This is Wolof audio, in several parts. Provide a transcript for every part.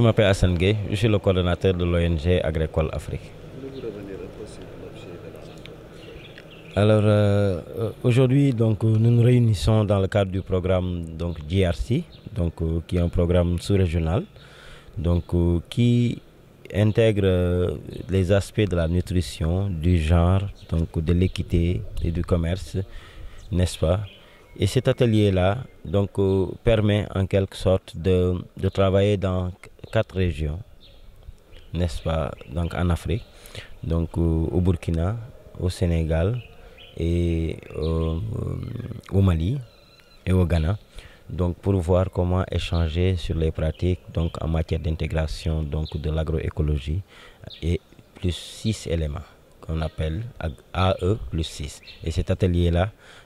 je m'appelle Hassan Gueye, je le coordonnateur de l'ONG Agricole Afrique. Alors euh, euh aujourd'hui donc euh, nous nous réunissons dans le cadre du programme donc GRC donc euh, qui est un programme sous-régional donc euh, qui intègre euh, les aspects de la nutrition, du genre, donc de l'équité et du commerce, nest pas? Et cet atelier-là donc euh, permet en quelque sorte de, de travailler dans quatre régions, nest pas, donc en Afrique, donc euh, au Burkina, au Sénégal euh, au Mali et au Ghana. Donc pour voir comment échanger sur les pratiques donc en matière d'intégration donc de l'agroécologie et plus six éléments. qu'on appelle AE plus 6. Et cet atelier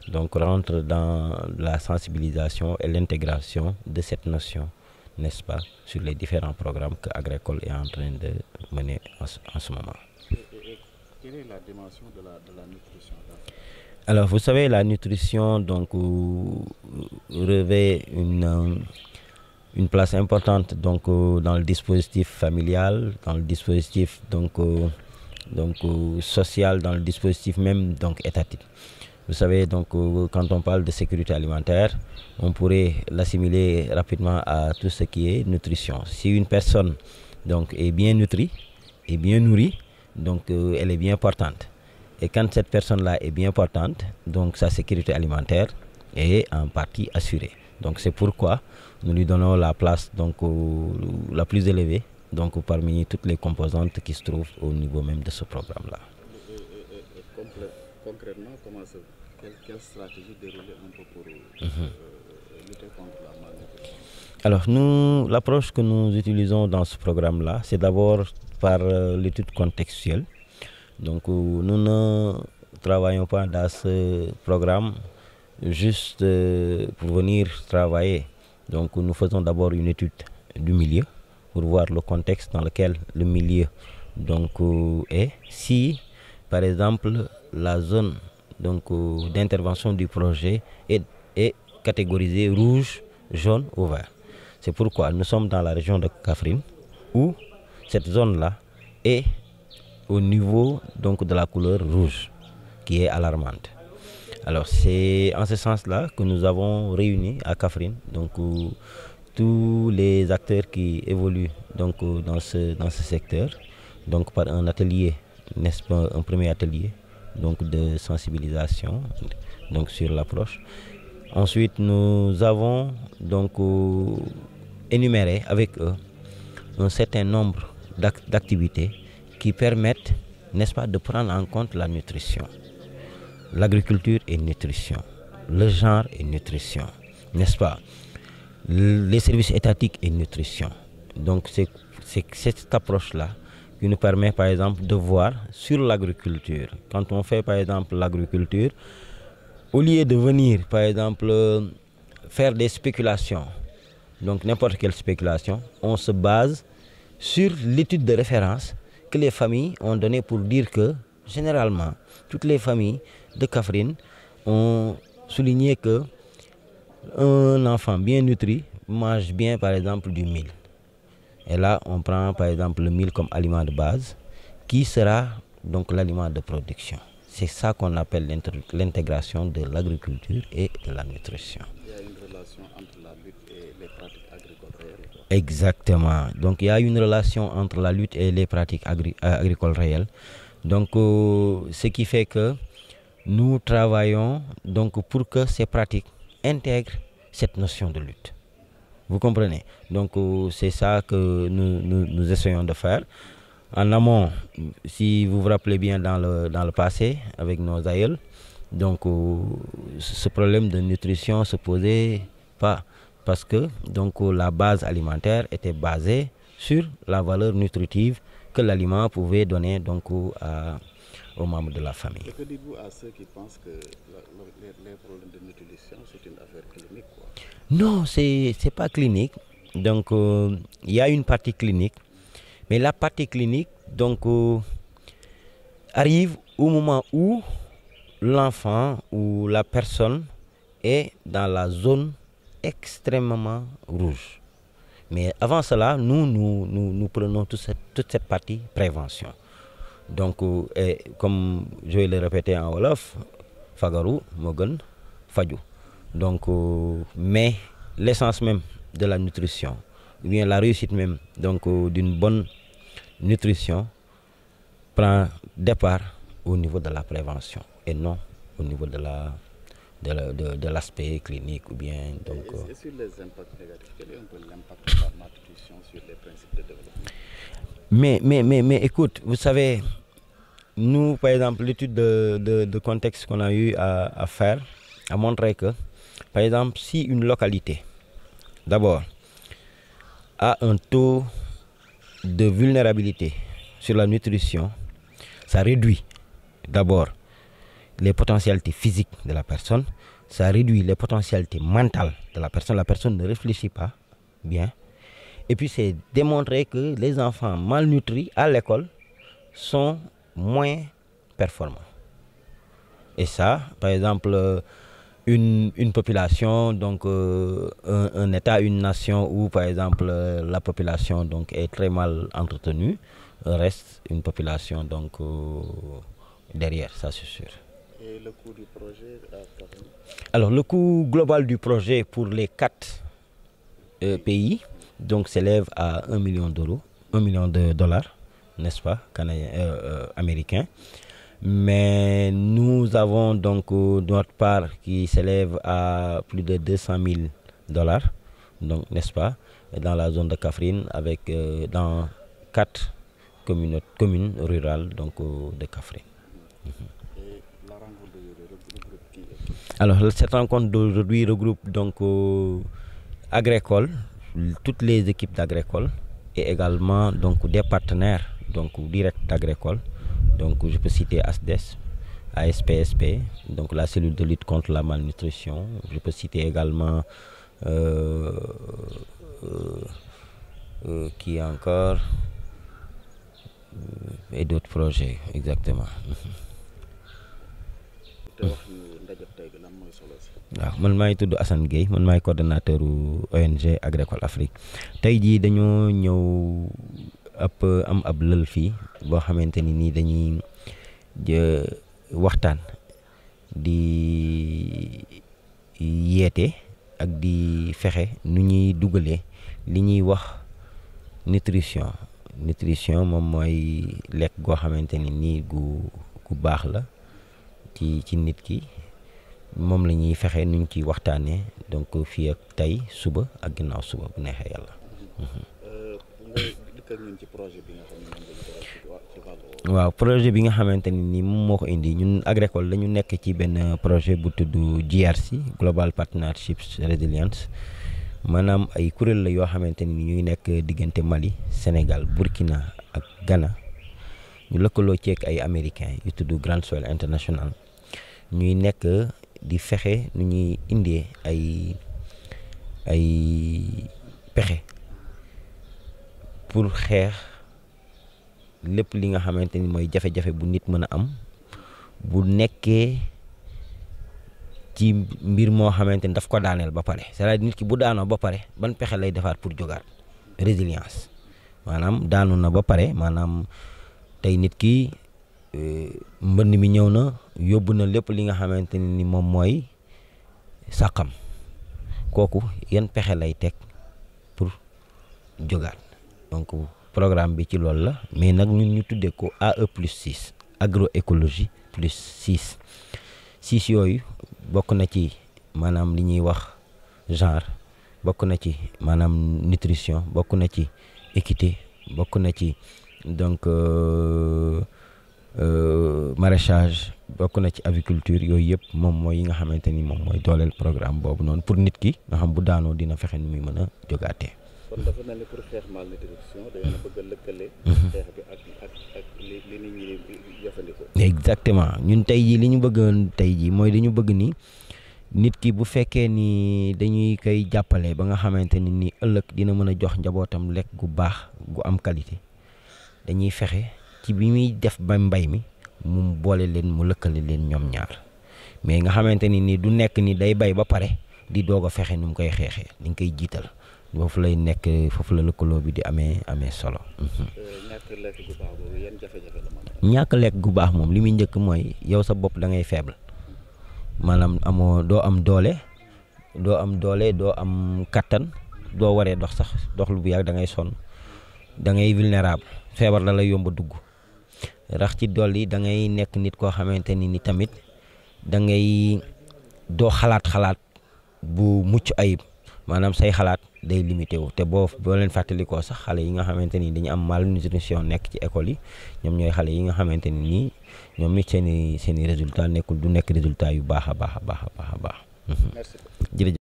donc rentre dans la sensibilisation et l'intégration de cette n'est-ce pas, sur les différents programmes que Agricole est en train de mener en, ce moment. la dimension la, de Alors, vous savez, la nutrition donc revêt euh, une place importante donc euh, dans le dispositif familial, dans le dispositif donc euh, donc euh, sociale dans le dispositif même donc étatique. Vous savez, donc, euh, quand on parle de sécurité alimentaire, on pourrait l'assimiler rapidement à tout ce qui est nutrition. Si une personne donc, est bien nutrie, est bien nourrie, donc, euh, elle est bien portante. Et quand cette personne-là est bien portante, donc sa sécurité alimentaire est en partie assurée. Donc c'est pourquoi nous lui donnons la place donc, euh, la plus élevée donc parmi toutes les composantes qui se trouvent au niveau même de ce programme-là. Euh, mhm. euh, la malnutrition? Alors l'approche que nous utilisons dans ce programme-là, c'est d'abord par euh, l'étude contextuelle. Donc euh, nous ne travaillons pas dans ce programme juste pour venir travailler. Donc nous faisons d'abord une étude du pour voir le contexte dans lequel le milieu donc, euh, est. Si, par exemple, la zone donc, euh, d'intervention du projet est, est catégorisée rouge, jaune ou vert. C'est pourquoi nous sommes dans la région de Kafrine ou cette zone-là est au niveau donc, de la couleur rouge qui est alarmante. Alors c'est en ce sens-là que nous avons réuni à Kafrine donc, euh, tous les acteurs qui évoluent donc, euh, dans, ce, dans secteur, donc par un atelier, n'est-ce pas, un premier atelier donc de sensibilisation donc sur l'approche. Ensuite, nous avons donc euh, énuméré avec eux un certain nombre d'activités qui permettent, n'est-ce pas, de prendre en compte la nutrition. L'agriculture et nutrition, le genre et nutrition, n'est-ce pas les services étatiques et nutrition. Donc c'est cette approche-là qui nous permet par exemple de voir sur l'agriculture. Quand on fait par exemple l'agriculture, au lieu de venir par exemple faire des spéculations, donc n'importe quelle spéculation, on se base sur l'étude de référence que les familles ont donnée pour dire que généralement toutes les familles de Kafrine ont souligné que un enfant bien nutri mange bien, par exemple, du mil. Et là, on prend, par exemple, le mil comme aliment de base, qui sera donc l'aliment de production. C'est ça qu'on appelle l'intégration de l'agriculture et de la nutrition. Exactement. Donc, il y a une relation entre la lutte et les pratiques agri euh, agricoles réelles. Donc, euh, ce qui fait que nous travaillons donc pour que ces pratiques intègrent cette notion de lutte. Vous comprenez Donc euh, c'est ça que nous, nous, nous, essayons de faire. En amont, si vous vous rappelez bien dans le, dans le passé, avec nos aïeuls, donc euh, ce problème de nutrition se posait pas parce que donc, euh, la base alimentaire était basée sur la valeur nutritive que l'aliment pouvait donner donc, à, aux membres de la famille. Que que la, les, les, problèmes Non, c'est pas clinique. Donc, euh, il euh, y a une partie clinique. Mais la partie clinique donc, euh, arrive au moment où l'enfant ou la personne est dans la zone extrêmement rouge. Mais avant cela, nous, nous, prenons toute cette partie prévention. donc et comme je vais le répéter en wolof fagaru moo gën faju donc euh, mais l'essence même de la nutrition ou bien la réussite même donc euh, d'une bonne nutrition prend départ au niveau de la prévention et non au niveau de la de la, de, de l'aspect clinique ou bien donc euh, sur les impacts négatifs sur les principes de développement Mais, mais, mais, mais écoute, vous savez, nous, par exemple, l'étude de, de, de, contexte qu'on a eu à, à, faire a montré que, par exemple, si une localité, d'abord, a un taux de vulnérabilité sur la nutrition, ça réduit d'abord les potentialités physiques de la personne, ça réduit les potentialités mentales de la personne. La personne ne réfléchit pas bien, Et puis c'est démontrer que les enfants malnutris à l'école sont moins performants. Et ça, par exemple, euh, une, une population, donc euh, un, État, une nation où, par exemple, euh, la population donc, est très mal entretenue, reste une population donc, euh, derrière, ça c'est sûr. Et projet euh, Alors, le coût global du projet pour les quatre euh, pays, donc s'élève à 1 million d'euros, 1 million de dollars, n'est-ce pas, canadiens, euh, euh, américains. Mais nous avons donc euh, notre part qui s'élève à plus de deux 200 000 dollars, donc n'est-ce pas, dans la zone de Kafrine, avec dans quatre communes, communes rurales donc euh, de Kafrine. Mm -hmm. Alors, cette rencontre d'aujourd'hui regroupe donc euh, toutes les équipes d'Agricole et également donc des partenaires donc directs d'Agricole. Donc je peux citer ASDES, spsp donc la cellule de lutte contre la malnutrition. Je peux citer également euh, euh, euh, qui encore euh, et d'autres projets exactement. waaw man maay tudd Assane Gueye man maay coordonnateur ONG Agricole Afrique tey jii dañoo ñëw ab am ab lël fii boo xamante ni nii dañuy waxtaan di yeete ak di fexe nu ñuy dugalee li ñuy wax nutrition nutrition moom mooy lekk goo xamante ni nii gu gu baax la ci ci nit ki moom la ñuy fexe nu ñu ciy waxtaanee donc fii ak tey suba ak ginnaaw suba bu neexee yàlla. waaw projet bi nga xamante ne ni moom moo ko indi ñun Agrécole la ñu nekk ci benn projet bu tudd GRC Global Partnership Resilience maanaam ay kuréel la yoo xamante ni ñuy nekk diggante Mali Sénégal Burkina ak gana ñu lëkkaloo ceek ay américains yu tudd Grand Soil International ñuy nekk. di fexe nu ñuy indee ay ay pexe pour xeex lépp li nga xamante ni mooy jafe-jafe bu nit mën a am bu nekkee ci mbir moo xamante ni daf ko daaneel ba pare cest nit ki bu daanoo ba pare ban pexe lay defaat pour jógaat résilience maanaam daanu na ba pare maanaam tey nit ki Eh, mbënn mi ñëw na yóbbu na lépp li nga xamante ni moom mooy sàqam kooku yan pexe lay teg pour jogaat donc programme bi ci loolu la mais nag ñun ñu tuddee ko AE plus 6 agroécologie plus 6 6 yooyu bokk na ci maanaam li ñuy wax genre bokk na ci maanaam nutrition bokk na ci équité bokk na ci donc. Euh, Euh, maraîchage bokk na ci aviculture yooyu yëpp moom mooy yi nga xamante ni moom mooy dooleel programme boobu noonu pour nit ki nga xam bu daanoo dina fexe ni muy mën a jógaatee. Mhm. exactement ñun tey jii li ñu bëggoon tey jii mooy dañu bëgg nii nit ki bu fekkee nii dañuy kay jàppale ba nga xamante ni ni ëllëg dina mën a jox njabootam lekk gu baax gu am qualité dañuy fexe. ci bi muy def ba mbay mi mu boole leen mu lëkkale leen ñoom ñaar mais nga xamante ni ni du nekk nii day bay ba pare di doog a fexe nu mu koy xeexee ni nga koy jiital foofu lay nekk foofu la lëkkaloo bi di amee amee solo. Mhm. ñàkk lekk gu baax moom. li muy njëkk mooy yow sa bopp da ngay faible maanaam amoo doo am doole doo am doole doo am kattan doo waree dox sax dox lu bu yàgg da ngay sonn da ngay vulnérable feebar la lay yomb dugg. rax ci dolli da ngay nekk nit koo xamante ni ni tamit da ngay doo xalaat xalaat bu mucc ayib maanaam say xalaat day limité wu te boo boo leen fàttalikoo sax xale yi nga xamante ni dañu am malnutrition nekk ci école yi ñoom ñooy xale yi nga xamante ni nii ñoom it seen i seen i résultat nekkul du nekk résultat yu baax a baax a baax a baax a baax